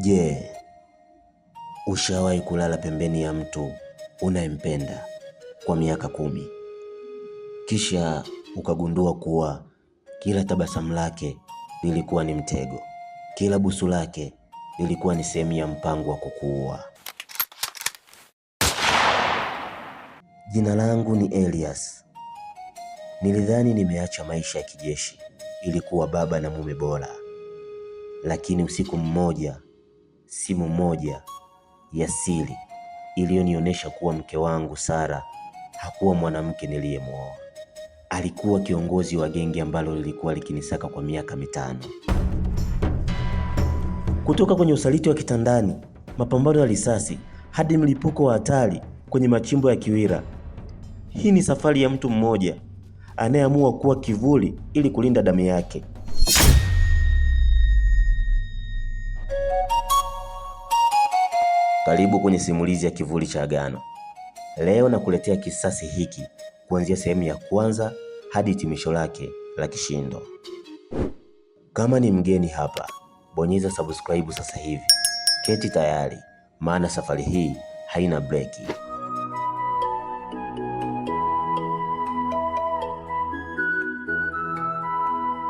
Je, ushawahi kulala pembeni ya mtu unayempenda kwa miaka kumi kisha ukagundua kuwa kila tabasamu lake lilikuwa ni mtego, kila busu lake lilikuwa ni sehemu ya mpango wa kukuua? Jina langu ni Elias. Nilidhani nimeacha maisha ya kijeshi ili kuwa baba na mume bora, lakini usiku mmoja simu moja ya siri iliyonionyesha kuwa mke wangu Sara hakuwa mwanamke niliyemwoa. Alikuwa kiongozi wa genge ambalo lilikuwa likinisaka kwa miaka mitano. Kutoka kwenye usaliti wa kitandani, mapambano ya risasi hadi mlipuko wa hatari kwenye machimbo ya Kiwira. Hii ni safari ya mtu mmoja anayeamua kuwa kivuli ili kulinda damu yake. Karibu kwenye simulizi ya Kivuli cha Agano. Leo nakuletea kisasi hiki kuanzia sehemu ya kwanza hadi hitimisho lake la kishindo. Kama ni mgeni hapa, bonyeza subscribe sasa hivi, keti tayari, maana safari hii haina breki.